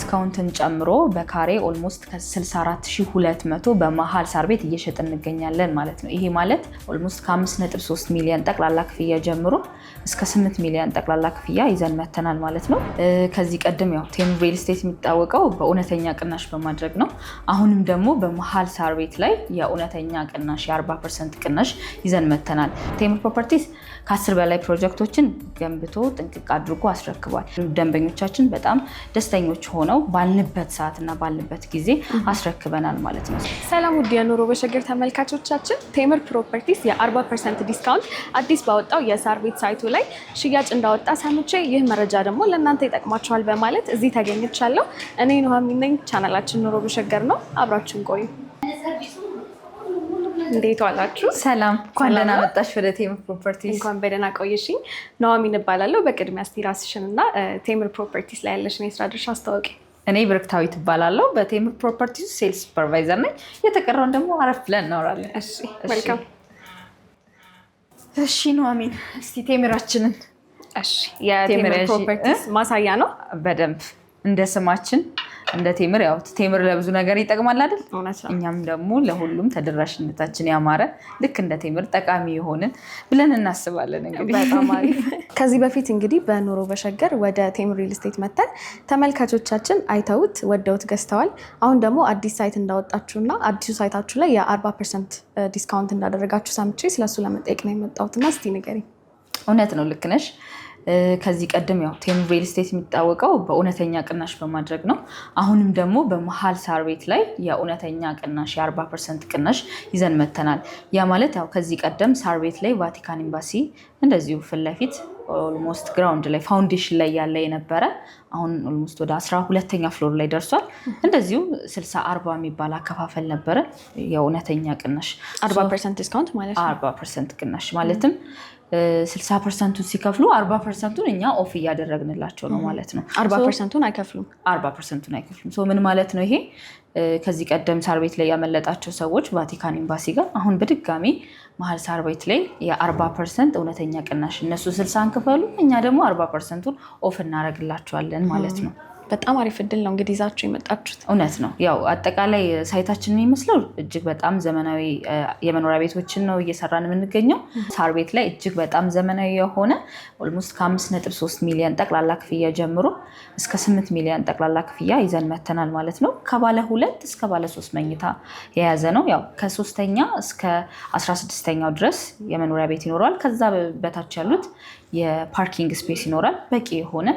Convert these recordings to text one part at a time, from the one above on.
ዲስካውንትን ጨምሮ በካሬ ኦልሞስት ከ64200 በመሀል ሳር ቤት እየሸጥ እንገኛለን ማለት ነው። ይሄ ማለት ኦልሞስት ከ5.3 ሚሊዮን ጠቅላላ ክፍያ ጀምሮ እስከ 8 ሚሊዮን ጠቅላላ ክፍያ ይዘን መተናል ማለት ነው። ከዚህ ቀደም ያው ቴም ሪል ስቴት የሚታወቀው በእውነተኛ ቅናሽ በማድረግ ነው። አሁንም ደግሞ በመሀል ሳር ቤት ላይ የእውነተኛ ቅናሽ የ40 ፐርሰንት ቅናሽ ይዘን መተናል። ቴም ፕሮፐርቲስ ከአስር በላይ ፕሮጀክቶችን ገንብቶ ጥንቅቅ አድርጎ አስረክቧል። ደንበኞቻችን በጣም ደስተኞች ሆነው ባልንበት ሰዓትና ባልንበት ጊዜ አስረክበናል ማለት ነው። ሰላም ውድ የኑሮ በሸገር ተመልካቾቻችን፣ ቴምር ፕሮፐርቲስ የ40 ፐርሰንት ዲስካውንት አዲስ ባወጣው የሳር ቤት ሳይቱ ላይ ሽያጭ እንዳወጣ ሰምቼ ይህ መረጃ ደግሞ ለእናንተ ይጠቅማችኋል በማለት እዚህ ተገኝቻለሁ። እኔ ኑሃሚን ቻናላችን ኑሮ በሸገር ነው። አብራችን ቆዩ። እንዴት ዋላችሁ? ሰላም። እንኳን ደህና መጣሽ ወደ ቴምር ፕሮፐርቲስ። እንኳን በደህና ቆየሽኝ። ነዋሚን እባላለሁ። በቅድሚያ እስቲ ራስሽን እና ቴምር ፕሮፐርቲስ ላይ ያለሽን የስራ ድርሻ አስታወቂ። እኔ ብርክታዊ እባላለሁ። በቴምር ፕሮፐርቲስ ሴልስ ሱፐርቫይዘር ነኝ። የተቀረውን ደግሞ አረፍ ብለን እናወራለን። መልካም። እሺ ነዋሚን፣ እስቲ ቴምራችንን የቴምር ፕሮፐርቲስ ማሳያ ነው። በደንብ እንደ ስማችን እንደ ቴምር ያው ቴምር ለብዙ ነገር ይጠቅማል አይደል? እኛም ደግሞ ለሁሉም ተደራሽነታችን ያማረ ልክ እንደ ቴምር ጠቃሚ የሆንን ብለን እናስባለን። እንግዲህ ከዚህ በፊት እንግዲህ በኑሮ በሸገር ወደ ቴምር ሪል ስቴት መተን ተመልካቾቻችን አይተውት ወደውት ገዝተዋል። አሁን ደግሞ አዲስ ሳይት እንዳወጣችሁና አዲሱ ሳይታችሁ ላይ የ40 ፐርሰንት ዲስካውንት እንዳደረጋችሁ ሰምቼ ስለሱ ለመጠየቅ ነው የመጣሁትና እስቲ ንገሪኝ። እውነት ነው ልክ ነሽ? ከዚህ ቀደም ያው ቴም ሪል ስቴት የሚታወቀው በእውነተኛ ቅናሽ በማድረግ ነው። አሁንም ደግሞ በመሀል ሳር ቤት ላይ የእውነተኛ ቅናሽ የ40 ፐርሰንት ቅናሽ ይዘን መተናል። ያ ማለት ያው ከዚህ ቀደም ሳር ቤት ላይ ቫቲካን ኤምባሲ እንደዚሁ ፊት ለፊት ኦልሞስት ግራውንድ ላይ ፋውንዴሽን ላይ ያለ የነበረ አሁን ኦልሞስት ወደ አስራ ሁለተኛ ፍሎር ላይ ደርሷል። እንደዚሁ ስልሳ አርባ የሚባል አከፋፈል ነበረ የእውነተኛ ቅናሽ አርባ ፐርሰንት ዲስካውንት ማለት ነው። አርባ ፐርሰንት ቅናሽ ማለትም ስልሳ ፐርሰንቱን ሲከፍሉ አርባ ፐርሰንቱን እኛ ኦፍ እያደረግንላቸው ነው ማለት ነው። አርባ ፐርሰንቱን አይከፍሉም። አርባ ፐርሰንቱን አይከፍሉም። ምን ማለት ነው ይሄ? ከዚህ ቀደም ሳር ቤት ላይ ያመለጣቸው ሰዎች ቫቲካን ኤምባሲ ጋር አሁን በድጋሚ መሀል ሳር ቤት ላይ የአርባ ፐርሰንት እውነተኛ ቅናሽ እነሱ ስልሳን ክፈሉ፣ እኛ ደግሞ አርባ ፐርሰንቱን ኦፍ እናደርግላቸዋለን ማለት ነው። በጣም አሪፍ እድል ነው እንግዲህ ይዛችሁ የመጣችሁት። እውነት ነው። ያው አጠቃላይ ሳይታችን የሚመስለው እጅግ በጣም ዘመናዊ የመኖሪያ ቤቶችን ነው እየሰራን የምንገኘው። ሳር ቤት ላይ እጅግ በጣም ዘመናዊ የሆነ ኦልሞስት ከ5.3 ሚሊዮን ጠቅላላ ክፍያ ጀምሮ እስከ 8 ሚሊዮን ጠቅላላ ክፍያ ይዘን መተናል ማለት ነው። ከባለ ሁለት እስከ ባለ ሶስት መኝታ የያዘ ነው። ያው ከሶስተኛ እስከ 16 ስድስተኛው ድረስ የመኖሪያ ቤት ይኖረዋል። ከዛ በታች ያሉት የፓርኪንግ ስፔስ ይኖራል። በቂ የሆነ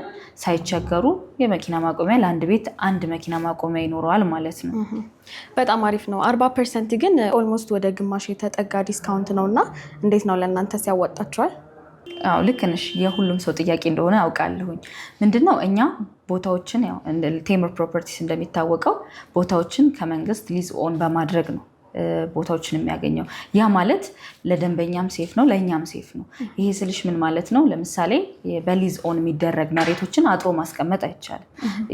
ሳይቸገሩ የመኪና ማቆሚያ ለአንድ ቤት አንድ መኪና ማቆሚያ ይኖረዋል ማለት ነው። በጣም አሪፍ ነው። አርባ ፐርሰንት ግን ኦልሞስት ወደ ግማሽ የተጠጋ ዲስካውንት ነው እና እንዴት ነው ለእናንተ ሲያወጣቸዋል? አዎ ልክ ነሽ። የሁሉም ሰው ጥያቄ እንደሆነ አውቃለሁኝ። ምንድነው እኛ ቦታዎችን ቴምር ፕሮፐርቲስ እንደሚታወቀው ቦታዎችን ከመንግስት ሊዝ ኦን በማድረግ ነው ቦታዎችን የሚያገኘው። ያ ማለት ለደንበኛም ሴፍ ነው፣ ለእኛም ሴፍ ነው። ይሄ ስልሽ ምን ማለት ነው? ለምሳሌ በሊዝ ኦን የሚደረግ መሬቶችን አጥሮ ማስቀመጥ አይቻልም።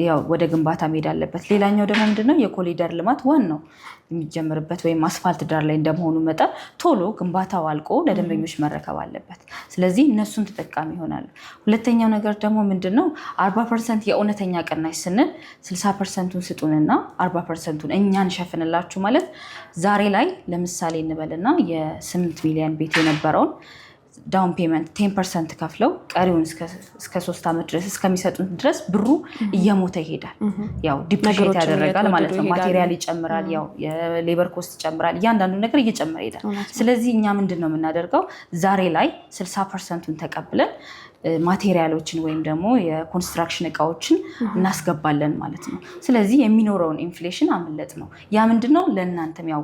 ያው ወደ ግንባታ መሄድ አለበት። ሌላኛው ደግሞ ምንድነው የኮሊደር ልማት ዋናው የሚጀምርበት ወይም አስፋልት ዳር ላይ እንደመሆኑ መጠን ቶሎ ግንባታው አልቆ ለደንበኞች መረከብ አለበት። ስለዚህ እነሱም ተጠቃሚ ይሆናሉ። ሁለተኛው ነገር ደግሞ ምንድን ነው አርባ ፐርሰንት የእውነተኛ ቅናሽ ስንል ስልሳ ፐርሰንቱን ስጡንና አርባ ፐርሰንቱን እኛ እንሸፍንላችሁ ማለት ዛሬ ላይ ለምሳሌ እንበልና የስምንት ሚሊዮን ቤት የነበረውን ዳውን ፔመንት ቴን ፐርሰንት ከፍለው ቀሪውን እስከ ሶስት ዓመት ድረስ እስከሚሰጡት ድረስ ብሩ እየሞተ ይሄዳል። ያው ዲፕሬት ያደረጋል ማለት ነው። ማቴሪያል ይጨምራል፣ ያው የሌበር ኮስት ይጨምራል። እያንዳንዱ ነገር እየጨመረ ይሄዳል። ስለዚህ እኛ ምንድን ነው የምናደርገው? ዛሬ ላይ ስልሳ ፐርሰንቱን ተቀብለን ማቴሪያሎችን ወይም ደግሞ የኮንስትራክሽን እቃዎችን እናስገባለን ማለት ነው። ስለዚህ የሚኖረውን ኢንፍሌሽን አምለጥ ነው። ያ ምንድን ነው ለእናንተም ያው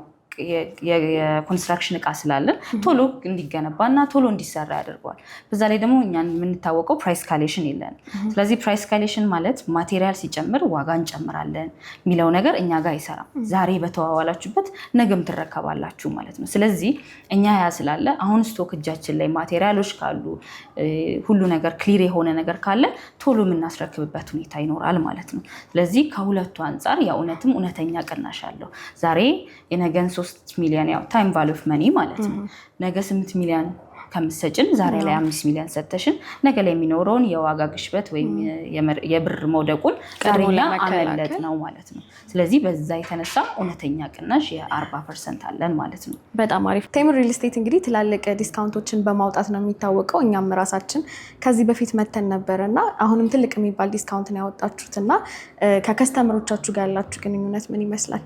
የኮንስትራክሽን እቃ ስላለን ቶሎ እንዲገነባ እና ቶሎ እንዲሰራ ያደርገዋል። በዛ ላይ ደግሞ እኛን የምንታወቀው ፕራይስ ካሌሽን የለን። ስለዚህ ፕራይስ ካሌሽን ማለት ማቴሪያል ሲጨምር ዋጋ እንጨምራለን የሚለው ነገር እኛ ጋር አይሰራም። ዛሬ በተዋዋላችሁበት ነገም ትረከባላችሁ ማለት ነው። ስለዚህ እኛ ያ ስላለ አሁን ስቶክ እጃችን ላይ ማቴሪያሎች ካሉ ሁሉ ነገር ክሊር የሆነ ነገር ካለ ቶሎ የምናስረክብበት ሁኔታ ይኖራል ማለት ነው። ስለዚህ ከሁለቱ አንጻር የእውነትም እውነተኛ ቅናሽ አለው ዛሬ የነገን ሶስት ሚሊዮን ያው ታይም ቫሉ ኦፍ መኒ ማለት ነው። ነገ ስምንት ሚሊዮን ከምሰጭን ዛሬ ላይ አምስት ሚሊዮን ሰተሽን ነገ ላይ የሚኖረውን የዋጋ ግሽበት ወይም የብር መውደቁን ቀድሞና አመለጥ ነው ማለት ነው። ስለዚህ በዛ የተነሳ እውነተኛ ቅናሽ የአርባ ፐርሰንት አለን ማለት ነው። በጣም አሪፍ ቴምር ሪል ስቴት እንግዲህ ትላልቅ ዲስካውንቶችን በማውጣት ነው የሚታወቀው። እኛም ራሳችን ከዚህ በፊት መተን ነበረ እና አሁንም ትልቅ የሚባል ዲስካውንት ነው ያወጣችሁት እና ከከስተመሮቻችሁ ጋር ያላችሁ ግንኙነት ምን ይመስላል?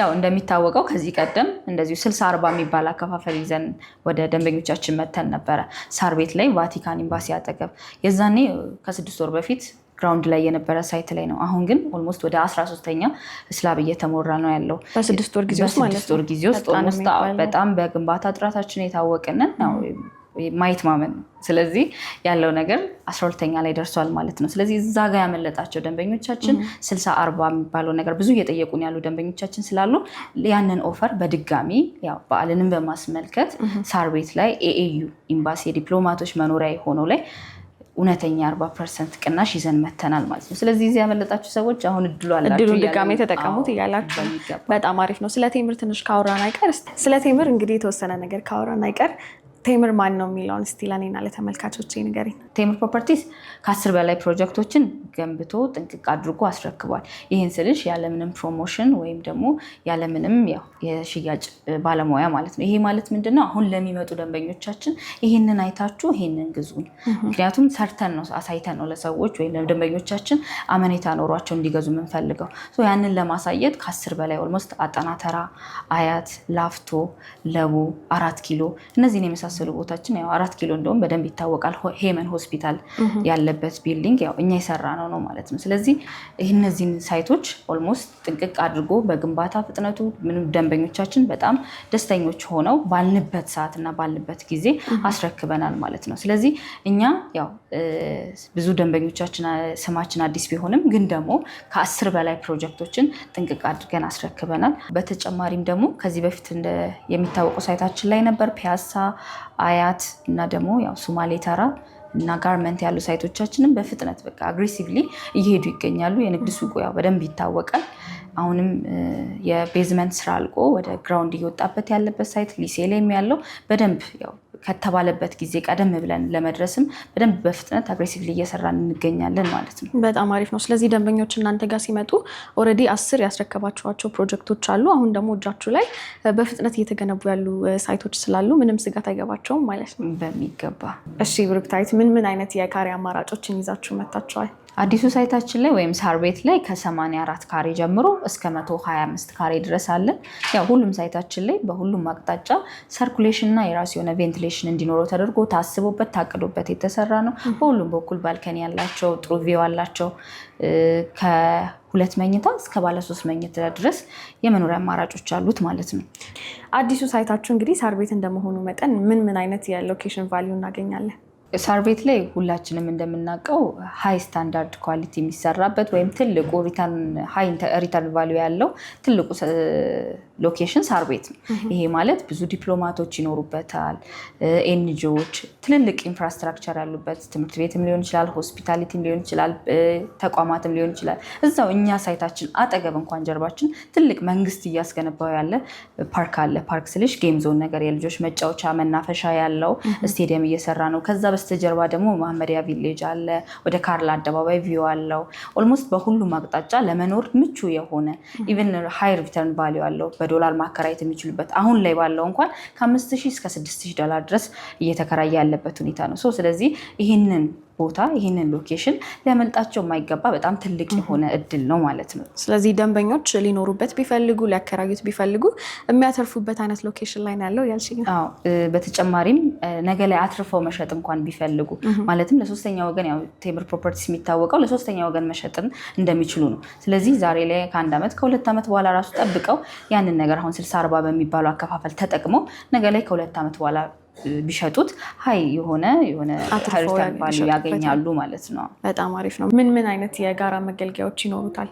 ያው እንደሚታወቀው ከዚህ ቀደም እንደዚሁ ስልሳ አርባ የሚባል አከፋፈል ይዘን ወደ ደንበኞቻችን መተን ነበረ ሳር ቤት ላይ ቫቲካን ኤምባሲ አጠገብ የዛኔ ከስድስት ወር በፊት ግራውንድ ላይ የነበረ ሳይት ላይ ነው። አሁን ግን ኦልሞስት ወደ አስራ ሶስተኛ ስላብ እየተሞራ ነው ያለው በስድስት ወር ጊዜ ውስጥ በጣም በግንባታ ጥራታችን የታወቅንን ማየት ማመን ነው። ስለዚህ ያለው ነገር አስራ ሁለተኛ ላይ ደርሷል ማለት ነው። ስለዚህ እዛ ጋር ያመለጣቸው ደንበኞቻችን ስልሳ አርባ የሚባለው ነገር ብዙ እየጠየቁን ያሉ ደንበኞቻችን ስላሉ ያንን ኦፈር በድጋሚ በዓልንም በማስመልከት ሳር ቤት ላይ ኤኤዩ ኤምባሲ የዲፕሎማቶች መኖሪያ የሆነው ላይ እውነተኛ አርባ ፐርሰንት ቅናሽ ይዘን መተናል ማለት ነው። ስለዚህ እዚህ ያመለጣችሁ ሰዎች አሁን እድሉ አላችሁ እድሉን ድጋሜ ተጠቀሙት እያላችሁ በጣም አሪፍ ነው። ስለ ቴምር ትንሽ ካወራን አይቀር ስለ ቴምር እንግዲህ የተወሰነ ነገር ካወራን አይቀር ቴምር ማን ነው የሚለውን እስቲ ለእኔና ለተመልካቾች ንገሪኝ። ቴምር ፕሮፐርቲስ ከአስር በላይ ፕሮጀክቶችን ገንብቶ ጥንቅቅ አድርጎ አስረክቧል። ይህን ስልሽ ያለምንም ፕሮሞሽን ወይም ደግሞ ያለምንም የሽያጭ ባለሙያ ማለት ነው። ይሄ ማለት ምንድነው አሁን ለሚመጡ ደንበኞቻችን ይህንን አይታችሁ ይህንን ግዙን። ምክንያቱም ሰርተን ነው አሳይተን ነው ለሰዎች ወይም ደንበኞቻችን አመኔታ ኖሯቸው እንዲገዙ የምንፈልገው። ያንን ለማሳየት ከአስር በላይ ኦልሞስት አጠናተራ፣ አያት፣ ላፍቶ፣ ለቡ፣ አራት ኪሎ እነዚህን የመሳሰሉ የመሳሰሉ ቦታችን ያው አራት ኪሎ እንደውም በደንብ ይታወቃል። ሄመን ሆስፒታል ያለበት ቢልዲንግ ያው እኛ የሰራ ነው ነው ማለት ነው። ስለዚህ እነዚህን ሳይቶች ኦልሞስት ጥንቅቅ አድርጎ በግንባታ ፍጥነቱ ምንም ደንበኞቻችን በጣም ደስተኞች ሆነው ባልንበት ሰዓትና ባልንበት ጊዜ አስረክበናል ማለት ነው። ስለዚህ እኛ ያው ብዙ ደንበኞቻችን ስማችን አዲስ ቢሆንም ግን ደግሞ ከአስር በላይ ፕሮጀክቶችን ጥንቅቅ አድርገን አስረክበናል። በተጨማሪም ደግሞ ከዚህ በፊት የሚታወቁ ሳይታችን ላይ ነበር ፒያሳ አያት እና ደግሞ ያው ሱማሌ ተራ እና ጋርመንት ያሉ ሳይቶቻችንም በፍጥነት በቃ አግሬሲቭሊ እየሄዱ ይገኛሉ። የንግድ ሱቁ ያው በደንብ ይታወቃል። አሁንም የቤዝመንት ስራ አልቆ ወደ ግራውንድ እየወጣበት ያለበት ሳይት ሊሴ ላይም ያለው በደንብ ያው ከተባለበት ጊዜ ቀደም ብለን ለመድረስም በደንብ በፍጥነት አግሬሲቭ እየሰራን እንገኛለን ማለት ነው። በጣም አሪፍ ነው። ስለዚህ ደንበኞች እናንተ ጋር ሲመጡ ኦልሬዲ አስር ያስረከባችኋቸው ፕሮጀክቶች አሉ። አሁን ደግሞ እጃችሁ ላይ በፍጥነት እየተገነቡ ያሉ ሳይቶች ስላሉ ምንም ስጋት አይገባቸውም ማለት ነው። በሚገባ እሺ። ብሩክታዊት ምን ምን አይነት የካሬ አማራጮችን ይዛችሁ መታችኋል? አዲሱ ሳይታችን ላይ ወይም ሳር ቤት ላይ ከ84 ካሬ ጀምሮ እስከ 125 ካሬ ድረስ አለን። ያው ሁሉም ሳይታችን ላይ በሁሉም አቅጣጫ ሰርኩሌሽን እና የራሱ የሆነ ቬንቲሌሽን እንዲኖረው ተደርጎ ታስቦበት ታቅዶበት የተሰራ ነው። በሁሉም በኩል ባልከኒ ያላቸው ጥሩ ቪው አላቸው። ከሁለት መኝታ እስከ ባለሶስት መኝታ ድረስ የመኖሪያ አማራጮች አሉት ማለት ነው። አዲሱ ሳይታችሁ እንግዲህ ሳር ቤት እንደመሆኑ መጠን ምን ምን አይነት የሎኬሽን ቫሊዩ እናገኛለን? ሳር ቤት ላይ ሁላችንም እንደምናውቀው ሀይ ስታንዳርድ ኳሊቲ የሚሰራበት ወይም ትልቁ ሪተርን ቫሉ ያለው ትልቁ ሎኬሽን ሳር ቤት ነው። ይሄ ማለት ብዙ ዲፕሎማቶች ይኖሩበታል፣ ኤንጂኦዎች፣ ትልልቅ ኢንፍራስትራክቸር ያሉበት ትምህርት ቤትም ሊሆን ይችላል፣ ሆስፒታሊቲም ሊሆን ይችላል፣ ተቋማትም ሊሆን ይችላል። እዛው እኛ ሳይታችን አጠገብ እንኳን ጀርባችን ትልቅ መንግስት እያስገነባው ያለ ፓርክ አለ። ፓርክ ስልሽ ጌም ዞን ነገር የልጆች መጫወቻ መናፈሻ ያለው ስቴዲየም እየሰራ ነው። ከዛ በስተጀርባ ደግሞ መሀመዲያ ቪሌጅ አለ። ወደ ካርል አደባባይ ቪው አለው። ኦልሞስት በሁሉም አቅጣጫ ለመኖር ምቹ የሆነ ኢቨን ሃይ ሪተርን ቫሊዩ አለው። በዶላር ማከራየት የሚችሉበት አሁን ላይ ባለው እንኳን ከ5000 እስከ 6000 ዶላር ድረስ እየተከራየ ያለበት ሁኔታ ነው። ስለዚህ ይህንን ቦታ ይህንን ሎኬሽን ሊያመልጣቸው የማይገባ በጣም ትልቅ የሆነ እድል ነው ማለት ነው። ስለዚህ ደንበኞች ሊኖሩበት ቢፈልጉ ሊያከራዩት ቢፈልጉ የሚያተርፉበት አይነት ሎኬሽን ላይ ያለው ያልሽ። በተጨማሪም ነገ ላይ አትርፈው መሸጥ እንኳን ቢፈልጉ ማለትም ለሶስተኛ ወገን ያው ቴምር ፕሮፐርቲስ የሚታወቀው ለሶስተኛ ወገን መሸጥን እንደሚችሉ ነው። ስለዚህ ዛሬ ላይ ከአንድ ዓመት ከሁለት ዓመት በኋላ ራሱ ጠብቀው ያንን ነገር አሁን ስልሳ አርባ በሚባለው አከፋፈል ተጠቅመው ነገ ላይ ከሁለት ዓመት በኋላ ቢሸጡት ሀይ የሆነ የሆነ ያገኛሉ ማለት ነው። በጣም አሪፍ ነው። ምን ምን አይነት የጋራ መገልገያዎች ይኖሩታል?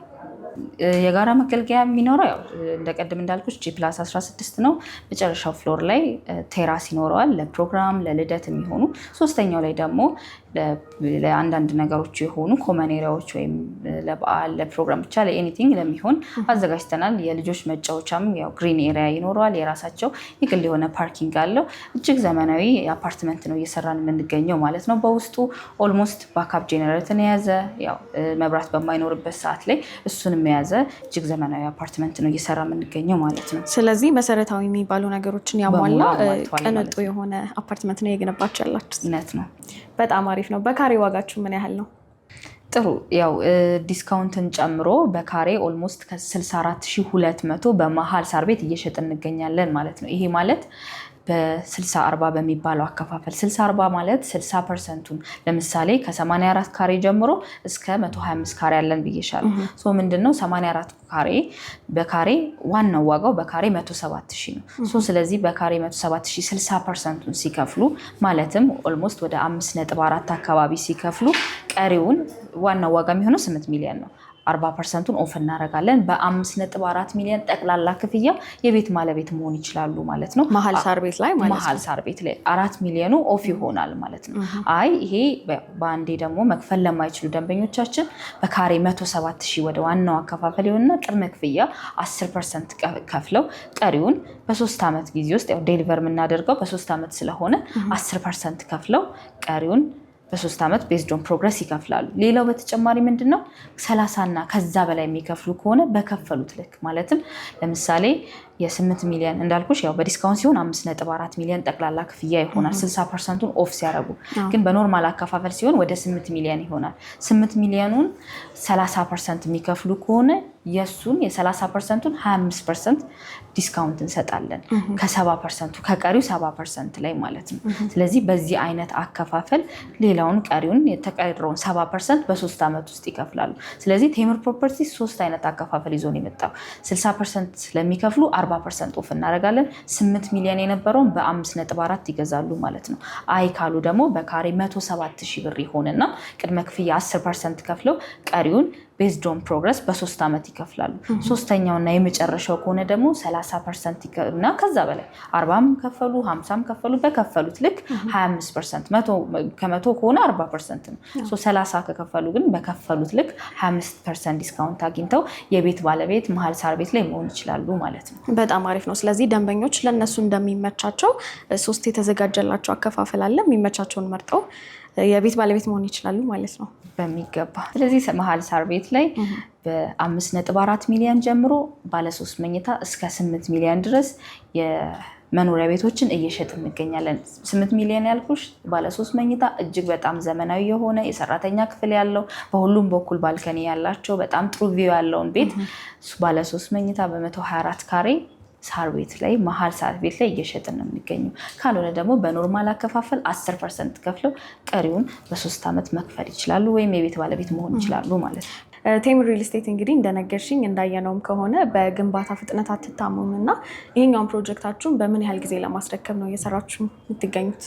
የጋራ መገልገያ የሚኖረው ያው እንደቀድም እንዳልኩች ጂ ፕላስ 16 ነው። መጨረሻው ፍሎር ላይ ቴራስ ይኖረዋል ለፕሮግራም ለልደት የሚሆኑ ሶስተኛው ላይ ደግሞ ለአንዳንድ ነገሮች የሆኑ ኮመኔሪያዎች ወይም ለበዓል ለፕሮግራም ብቻ ለኤኒቲንግ ለሚሆን አዘጋጅተናል። የልጆች መጫወቻም ያው ግሪን ኤሪያ ይኖረዋል። የራሳቸው የግል የሆነ ፓርኪንግ አለው። እጅግ ዘመናዊ አፓርትመንት ነው እየሰራን የምንገኘው ማለት ነው። በውስጡ ኦልሞስት ባካፕ ጄኔሬተርን የያዘ ያው መብራት በማይኖርበት ሰዓት ላይ እሱንም የያዘ እጅግ ዘመናዊ አፓርትመንት ነው እየሰራ የምንገኘው ማለት ነው። ስለዚህ መሰረታዊ የሚባሉ ነገሮችን ያሟላ ቅንጡ የሆነ አፓርትመንት ነው የገነባችሁ ያላችሁት ነው። በጣም አሪፍ ነው። በካሬ ዋጋችሁ ምን ያህል ነው? ጥሩ ያው ዲስካውንትን ጨምሮ በካሬ ኦልሞስት ከ64200 በመሀል ሳር ቤት እየሸጥ እንገኛለን ማለት ነው። ይሄ ማለት በ60 40 በሚባለው አከፋፈል 60 40 ማለት 60 ፐርሰንቱን ለምሳሌ ከ84 ካሬ ጀምሮ እስከ 125 ካሬ ያለን ብዬሻል። ምንድን ነው 84 ካሬ በካሬ ዋናው ዋጋው በካሬ 107 ሺህ ነው። ስለዚህ በካሬ 107 ሺህ 60 ፐርሰንቱን ሲከፍሉ ማለትም ኦልሞስት ወደ 5.4 አካባቢ ሲከፍሉ ቀሪውን ዋናው ዋጋ የሚሆነው 8 ሚሊዮን ነው። 40 ፐርሰንቱን ኦፍ እናደርጋለን ነጥብ አራት ሚሊዮን ጠቅላላ ክፍያ የቤት ማለቤት መሆን ይችላሉ ማለት ነው። መሀል ሳር ቤት ላይ መሀል ሳር ቤት ላይ አራት ሚሊዮኑ ኦፍ ይሆናል ማለት ነው። አይ ይሄ በአንዴ ደግሞ መክፈል ለማይችሉ ደንበኞቻችን በካሬ ሰባት ሺህ ወደ ዋናው አከፋፈል ይሆንና ቅድመ ክፍያ አስር ፐርሰንት ከፍለው ቀሪውን በሶስት ዓመት ጊዜ ውስጥ ዴሊቨር የምናደርገው በሶስት ዓመት ስለሆነ አስር ፐርሰንት ከፍለው ቀሪውን በሶስት ዓመት ቤዝዶን ፕሮግረስ ይከፍላሉ። ሌላው በተጨማሪ ምንድን ነው ሰላሳና ከዛ በላይ የሚከፍሉ ከሆነ በከፈሉት ልክ ማለትም ለምሳሌ የስምንት ሚሊዮን እንዳልኩሽ ያው በዲስካውንት ሲሆን 54 ሚሊዮን ጠቅላላ ክፍያ ይሆናል። 60 ፐርሰንቱን ኦፍ ሲያደርጉ ግን በኖርማል አከፋፈል ሲሆን ወደ 8 ሚሊዮን ይሆናል። ስምንት ሚሊዮኑን 30 ፐርሰንት የሚከፍሉ ከሆነ የእሱን የሰላሳ ፐርሰንቱን ሀያ ፐርሰንት ዲስካውንት እንሰጣለን ከሰባ ፐርሰንቱ ከቀሪው ሰባ ፐርሰንት ላይ ማለት ነው። ስለዚህ በዚህ አይነት አከፋፈል ሌላውን ቀሪውን የተቀረውን ሰባ ፐርሰንት በሶስት ዓመት ውስጥ ይከፍላሉ። ስለዚህ ቴምር ፕሮፐርቲ ሶስት አይነት አከፋፈል ይዞ ነው የመጣው። 60 ፐርሰንት ስለሚከፍሉ 40 ፐርሰንት ኦፍ እናደርጋለን። 8 ሚሊዮን የነበረውን በ5.4 ይገዛሉ ማለት ነው። አይ ካሉ ደግሞ በካሬ 107 ሺህ ብር ይሆንና ቅድመ ክፍያ 10 ፐርሰንት ከፍለው ቀሪውን ቤዝድ ኦን ፕሮግረስ በሶስት ዓመት ይከፍላሉ። ሶስተኛው እና የመጨረሻው ከሆነ ደግሞ 30 ፐርሰንት እና ከዛ በላይ አርባም ከፈሉ ሀምሳም ከፈሉ በከፈሉት ልክ 25 ፐርሰንት ከመቶ ከሆነ 40 ፐርሰንት ነው። 30 ከከፈሉ ግን በከፈሉት ልክ 25 ፐርሰንት ዲስካውንት አግኝተው የቤት ባለቤት መሀል ሳር ቤት ላይ መሆን ይችላሉ ማለት ነው። በጣም አሪፍ ነው። ስለዚህ ደንበኞች ለእነሱ እንደሚመቻቸው ሶስት የተዘጋጀላቸው አከፋፈል አለ። የሚመቻቸውን መርጠው የቤት ባለቤት መሆን ይችላሉ ማለት ነው በሚገባ። ስለዚህ መሀል ሳር ቤት ላይ በአምስት ነጥብ አራት ሚሊዮን ጀምሮ ባለሶስት መኝታ እስከ ስምንት ሚሊዮን ድረስ መኖሪያ ቤቶችን እየሸጥ እንገኛለን። ስምንት ሚሊዮን ያልኩሽ ባለሶስት መኝታ እጅግ በጣም ዘመናዊ የሆነ የሰራተኛ ክፍል ያለው በሁሉም በኩል ባልከኒ ያላቸው በጣም ጥሩ ቪው ያለውን ቤት ባለሶስት መኝታ በመቶ 24 ካሬ ሳር ቤት ላይ መሀል ሳር ቤት ላይ እየሸጥን ነው የሚገኘው። ካልሆነ ደግሞ በኖርማል አከፋፈል አስር ፐርሰንት ከፍለው ቀሪውን በሶስት ዓመት መክፈል ይችላሉ፣ ወይም የቤት ባለቤት መሆን ይችላሉ ማለት ነው። ቴም ሪል ስቴት እንግዲህ እንደነገርሽኝ እንዳየነውም ከሆነ በግንባታ ፍጥነት አትታሙም እና ይሄኛውን ፕሮጀክታችሁን በምን ያህል ጊዜ ለማስረከብ ነው እየሰራችሁ የምትገኙት?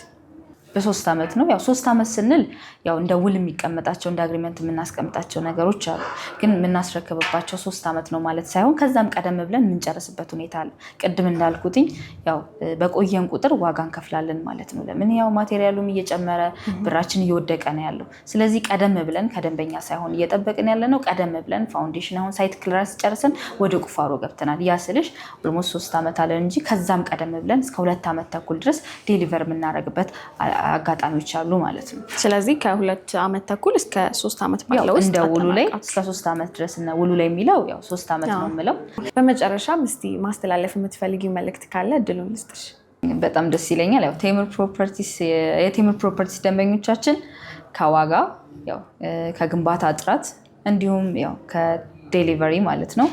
በሶስት ዓመት ነው። ያው ሶስት ዓመት ስንል ያው እንደ ውል የሚቀመጣቸው እንደ አግሪመንት የምናስቀምጣቸው ነገሮች አሉ፣ ግን የምናስረክብባቸው ሶስት ዓመት ነው ማለት ሳይሆን ከዛም ቀደም ብለን የምንጨርስበት ሁኔታ አለ። ቅድም እንዳልኩትኝ ያው በቆየን ቁጥር ዋጋ እንከፍላለን ማለት ነው። ለምን ያው ማቴሪያሉም እየጨመረ ብራችን እየወደቀ ነው ያለው። ስለዚህ ቀደም ብለን ከደንበኛ ሳይሆን እየጠበቅን ያለ ነው። ቀደም ብለን ፋውንዴሽን አሁን ሳይት ክሊራንስ ጨርሰን ወደ ቁፋሮ ገብተናል። ያ ስልሽ ኦልሞስት ሶስት ዓመት አለ እንጂ ከዛም ቀደም ብለን እስከ ሁለት ዓመት ተኩል ድረስ ዴሊቨር የምናደርግበት አጋጣሚዎች አሉ ማለት ነው። ስለዚህ ከሁለት ዓመት ተኩል እስከ ሶስት ዓመት ባለው ውስጥ እንደ ውሉ ላይ እስከ ሶስት ዓመት ድረስ እና ውሉ ላይ የሚለው ያው ሶስት ዓመት ነው የምለው። በመጨረሻም እስቲ ማስተላለፍ የምትፈልጊው መልእክት ካለ እድሉን ልስጥሽ። በጣም ደስ ይለኛል። ያው ቴምር ፕሮፐርቲስ የቴምር ፕሮፐርቲስ ደንበኞቻችን ከዋጋ ከግንባታ ጥራት እንዲሁም ያው ዴሊቨሪ ማለት ነው።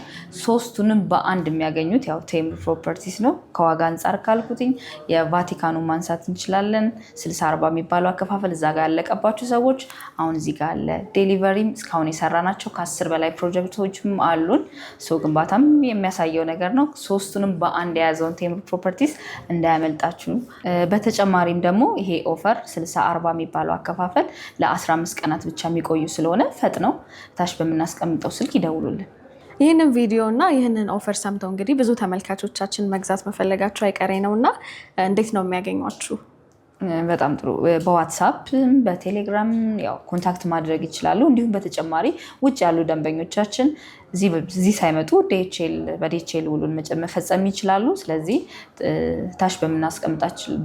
ሶስቱንም በአንድ የሚያገኙት ያው ቴምር ፕሮፐርቲስ ነው። ከዋጋ አንጻር ካልኩትኝ የቫቲካኑ ማንሳት እንችላለን። ስልሳ አርባ የሚባለው አከፋፈል እዛ ጋር ያለቀባቸው ሰዎች አሁን እዚህ ጋር አለ። ዴሊቨሪም እስካሁን ናቸው። ከአስር በላይ ፕሮጀክቶችም አሉን። ሰው ግንባታም የሚያሳየው ነገር ነው። ሶስቱንም በአንድ የያዘውን ቴምር ፕሮፐርቲስ እንዳያመልጣችሁ። በተጨማሪም ደግሞ ይሄ ኦፈር ስልሳ አርባ የሚባለው አከፋፈል ለ15 ቀናት ብቻ የሚቆዩ ስለሆነ ፈጥነው ታች በምናስቀምጠው ስልክ ይደውሉ። ደውሉልን። ይህንን ቪዲዮ እና ይህንን ኦፈር ሰምተው እንግዲህ ብዙ ተመልካቾቻችን መግዛት መፈለጋቸው አይቀሬ ነው እና እንዴት ነው የሚያገኟችሁ? በጣም ጥሩ። በዋትሳፕ በቴሌግራም ያው ኮንታክት ማድረግ ይችላሉ። እንዲሁም በተጨማሪ ውጭ ያሉ ደንበኞቻችን እዚህ ሳይመጡ ዲኤችኤል በዲኤችኤል ውሉን መፈጸም ይችላሉ። ስለዚህ ታች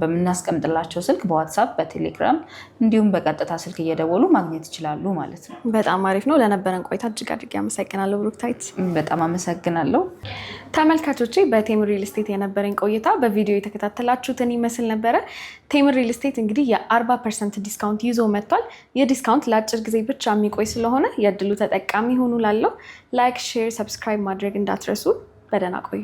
በምናስቀምጥላቸው ስልክ በዋትሳፕ በቴሌግራም እንዲሁም በቀጥታ ስልክ እየደወሉ ማግኘት ይችላሉ ማለት ነው። በጣም አሪፍ ነው። ለነበረን ቆይታ እጅግ አድርጌ አመሰግናለሁ ብሩክታይት። በጣም አመሰግናለሁ። ተመልካቾቼ በቴም ሪል ስቴት የነበረኝ ቆይታ በቪዲዮ የተከታተላችሁትን ይመስል ነበረ። ቴም ሪል ስቴት እንግዲህ የ40 ፐርሰንት ዲስካውንት ይዞ መጥቷል። ይህ ዲስካውንት ለአጭር ጊዜ ብቻ የሚቆይ ስለሆነ የእድሉ ተጠቃሚ ሆኑ ላለው ላይክ፣ ሼር፣ ሰብስክራይብ ማድረግ እንዳትረሱ። በደህና ቆዩ።